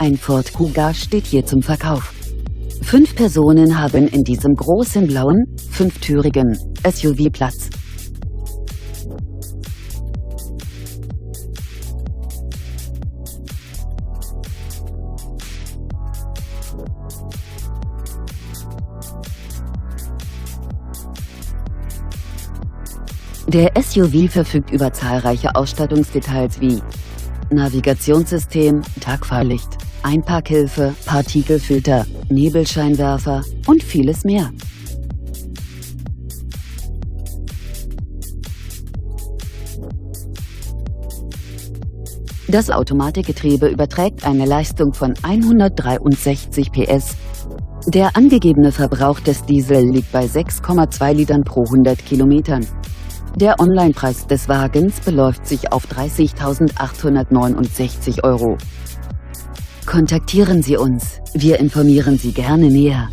Ein Ford Kuga steht hier zum Verkauf. Fünf Personen haben in diesem großen blauen, fünftürigen SUV Platz. Der SUV verfügt über zahlreiche Ausstattungsdetails wie Navigationssystem, Tagfahrlicht, Einparkhilfe, Partikelfilter, Nebelscheinwerfer und vieles mehr. Das Automatikgetriebe überträgt eine Leistung von 163 PS. Der angegebene Verbrauch des Diesel liegt bei 6,2 Litern pro 100 Kilometern. Der Onlinepreis des Wagens beläuft sich auf 30.869 Euro. Kontaktieren Sie uns, wir informieren Sie gerne näher.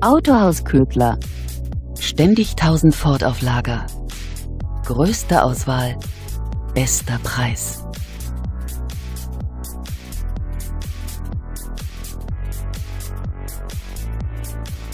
Autohaus Ködler. Ständig 1000 Ford auf Lager. Größte Auswahl, bester Preis.